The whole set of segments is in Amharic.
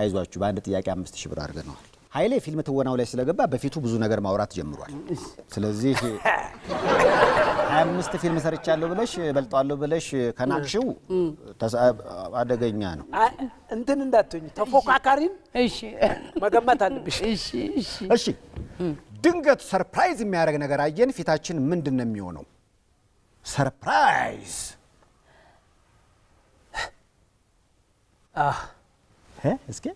አይዟችሁ በአንድ ጥያቄ አምስት ሺህ ብር አድርገነዋል። ኃይሌ ፊልም ትወናው ላይ ስለገባ በፊቱ ብዙ ነገር ማውራት ጀምሯል። ስለዚህ ሀያ አምስት ፊልም ሰርቻለሁ ብለሽ በልጧለሁ ብለሽ ከናቅሽው አደገኛ ነው። እንትን እንዳትኝ ተፎካካሪን መገመት አለብሽ። እሺ፣ ድንገት ሰርፕራይዝ የሚያደርግ ነገር አየን ፊታችን ምንድን ነው የሚሆነው? ሰርፕራይዝ እስኪ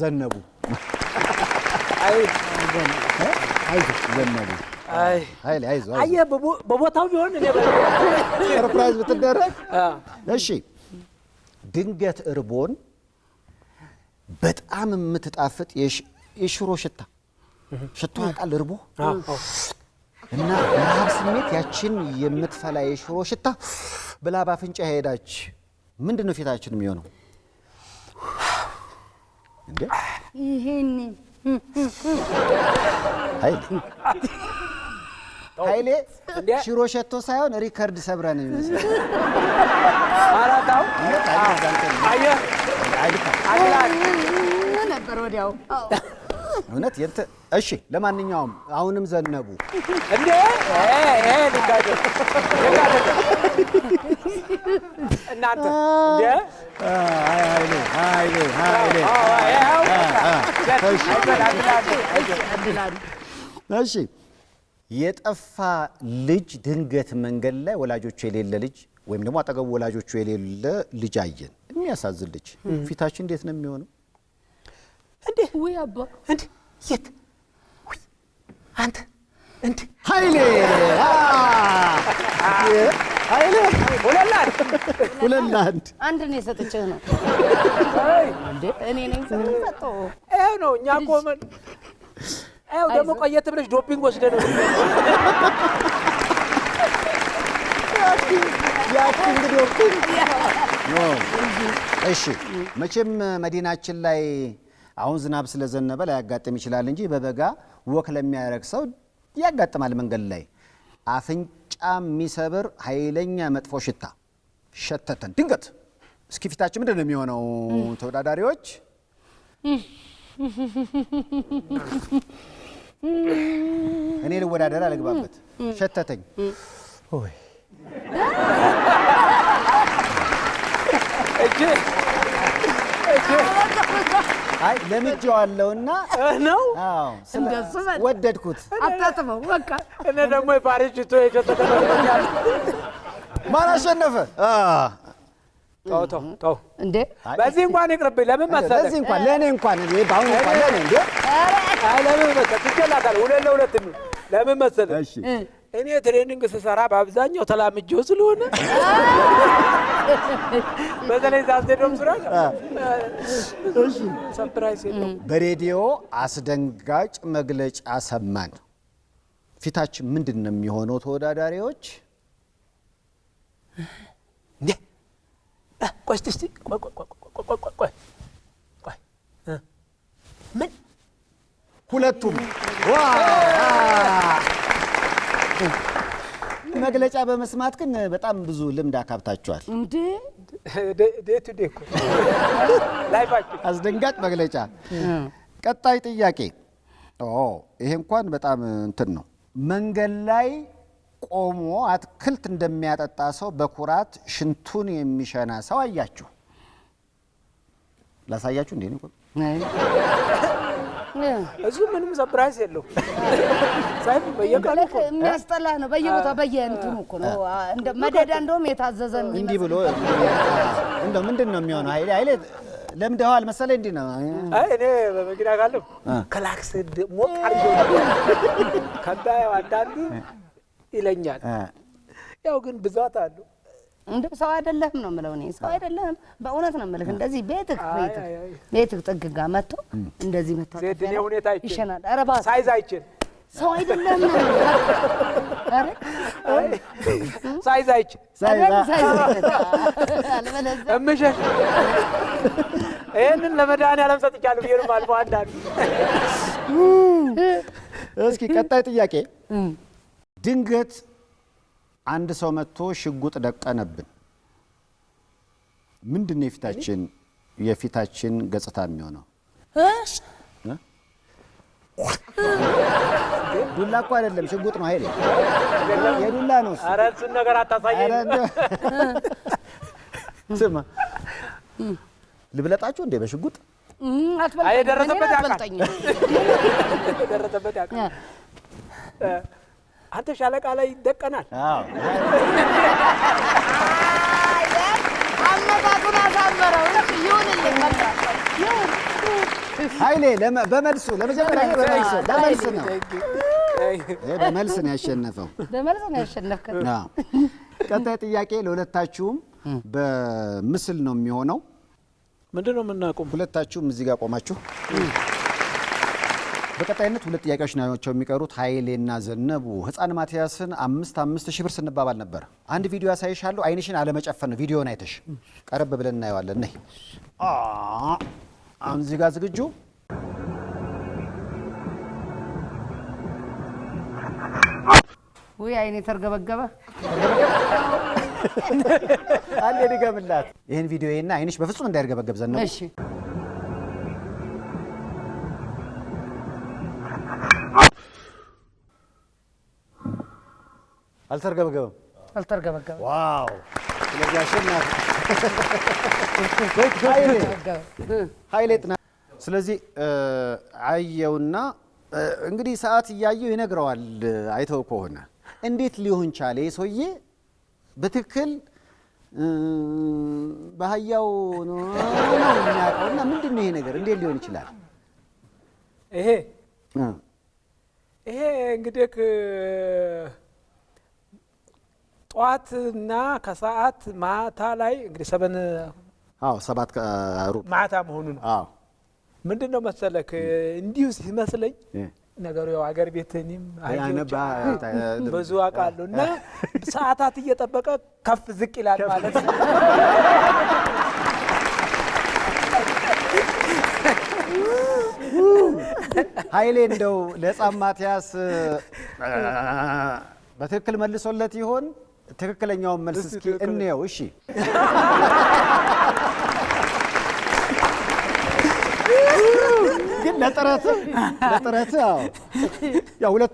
ዘነቡ ዘነቡ አየህ፣ በቦታው ቢሆን ሰርፕራይዝ ብትደረግ። እሺ፣ ድንገት እርቦን በጣም የምትጣፍጥ የሽሮ ሽታ ሽቶ ያውቃል እርቦ እና ረሃብ ስሜት ያችን የምትፈላ የሽሮ ሽታ ብላ ባፍንጫ ሄዳች። ምንድን ነው ፊታችን የሚሆነው? እንዴ ኃይሌ ሽሮ ሸቶ ሳይሆን ሪከርድ ሰብረን ይመስላል። ነበር ወዲያው እውነት የንተ እሺ። ለማንኛውም አሁንም ዘነቡ እንዴ እናንተ እሺ የጠፋ ልጅ ድንገት መንገድ ላይ ወላጆቹ የሌለ ልጅ ወይም ደግሞ አጠገቡ ወላጆቹ የሌለ ልጅ አየን። የሚያሳዝን ልጅ ፊታችን እንዴት ነው የሚሆነው? እንዴ ወይ አባ እንዴ የት አንተ እንዴ ኃይሌ ኃይሌ ሁለት ለአንድ አንድ ነው የሰጥችህ ነው። እኔ ነኝ ሰጠው። ይኸው ነው እኛ ቆመን፣ ይኸው ደግሞ ቆየት ብለሽ ዶፒንግ ወስደ ነው እሺ መቼም መዲናችን ላይ አሁን ዝናብ ስለዘነበ ላያጋጥም ይችላል እንጂ በበጋ ወክ ለሚያደርግ ሰው ያጋጥማል። መንገድ ላይ አፍንጫ የሚሰብር ኃይለኛ መጥፎ ሽታ ሸተተን ድንገት እስኪ ፊታችን ምንድን ነው የሚሆነው? ተወዳዳሪዎች እኔ ልወዳደር አልግባበት ሸተተኝ። አይ ለምጄዋለሁና ነው ወደድኩት። አጣጥመው በቃ እኔ ደግሞ የፓሪስ ሽቶ የሸተተ ማን አሸነፈ? ተው ተው ተው እንዴ! በዚህ እንኳን ይቅርብኝ። ለምን መሰለህ? በዚህ እንኳን ለእኔ እንኳን እኔ ባሁን እንኳን ለእኔ እንዴ! አይ ለምን መሰለህ? ትገላታል። ሁለት ለሁለት ነው። ለምን መሰለህ? እሺ እኔ ትሬኒንግ ስሰራ በአብዛኛው ተላምጄው ስለሆነ በተለይ ዛስቴዶም ስራ ሰርፕራይዝ የለውም። በሬዲዮ አስደንጋጭ መግለጫ ሰማን። ፊታችን ምንድን ነው የሚሆነው? ተወዳዳሪዎች እንዴ ቆይ እስቲ እስቲ ምን ሁለቱም መግለጫ በመስማት ግን በጣም ብዙ ልምድ አካብታችኋል። አስደንጋጭ መግለጫ። ቀጣይ ጥያቄ፣ ይሄ እንኳን በጣም እንትን ነው መንገድ ላይ ቆሞ አትክልት እንደሚያጠጣ ሰው በኩራት ሽንቱን የሚሸና ሰው አያችሁ። ላሳያችሁ እንዴ ነው እዚሁ ምንም ሰፕራይዝ የለው። ሳይፍ በየቀኑ የሚያስጠላ ነው። በየቦታ በየእንትኑ እኮ ነው። መደዳ እንደውም የታዘዘ ነው። እንዲህ ብሎ እንደው ምንድን ነው የሚሆነው? ኃይሌ ኃይሌ ለምደኸዋል መሰለኝ። እንዲህ ነው። እኔ በመኪና ካለሁ ከላክስ ሞቅ አድርጌው ከዳ አንዳንዱ ይለኛል። ያው ግን ብዛት አሉ። እንደው ሰው አይደለህም ነው የምለው እኔ ሰው አይደለህም፣ በእውነት ነው የምልህ። እንደዚህ ቤትህ ቤትህ ጥግ ጋር መጥቶ እንደዚህ መጥቶ ይሸናል። ኧረ እባክህ ሳይዝ አይችል ሰው አይደለም ነው ሳይዝ አይችል እምሸሽ ይህንን ለመድኃኒዓለም ሰጥቻለሁ። ይሄንም አልፎ አንዳንዱ እስኪ ቀጣይ ጥያቄ ድንገት አንድ ሰው መጥቶ ሽጉጥ ደቀነብን። ምንድን ነው የፊታችን የፊታችን ገጽታ የሚሆነው? ዱላ እኮ አይደለም ሽጉጥ ነው። ኃይል የዱላ ነው። ኧረ እሱን ነገር አታሳየኝ። ስማ ልብለጣችሁ እንዴ በሽጉጥ የደረሰበት ያውቃል። አንተ ሻለቃ ላይ ይደቀናል። አመጣጡን አሳመረው። ይሁንልኝ በመልሱ ለመጀመሪያ በመልሱ በመልስ ነው በመልስ ነው ያሸነፈው። በመልስ ነው ያሸነፍከው። ቀጣይ ጥያቄ ለሁለታችሁም በምስል ነው የሚሆነው። ምንድን ነው የምናቆም? ሁለታችሁም እዚህ ጋር ቆማችሁ በቀጣይነት ሁለት ጥያቄዎች ናቸው የሚቀሩት። ኃይሌና ዘነቡ ህፃን ማቲያስን አምስት አምስት ሺህ ብር ስንባባል ነበር። አንድ ቪዲዮ ያሳይሻለሁ። አይንሽን አለመጨፈን ነው። ቪዲዮን አይተሽ ቀረብ ብለን እናየዋለን። ነይ አሁን እዚህ ጋር ዝግጁ ወይ አይኔ ተርገበገበ። አንዴ ድገምላት ይህን ቪዲዮ እና አይንሽ በፍጹም እንዳይርገበገብ ዘነቡ። አልተርገበገበም አልተርገበገበም። ዋው! ስለዚህ አሸናፊ ኃይሌ ጥናት። ስለዚህ አየውና እንግዲህ ሰዓት እያየው ይነግረዋል። አይተው ከሆነ እንዴት ሊሆን ቻለ ሰውዬ በትክክል በአህያው ነው የሚያውቀውና ምንድን ነው ይሄ ነገር እንዴት ሊሆን ይችላል? ይሄ ይሄ እንግዲህ ጠዋትና ከሰዓት ማታ ላይ እንግዲህ ሰበን ሰባት ሩብ ማታ መሆኑ ነው። ምንድን ነው መሰለህ እንዲሁ ሲመስለኝ ነገሩ ያው አገር ቤት ብዙ አውቃለሁ እና ሰዓታት እየጠበቀ ከፍ ዝቅ ይላል ማለት ነው። ኃይሌ እንደው ለሕፃን ማትያስ በትክክል መልሶለት ይሆን? ትክክለኛውን መልስ እስኪ እንየው። እሺ ግን ለጥረት ለጥረት ያው ሁለት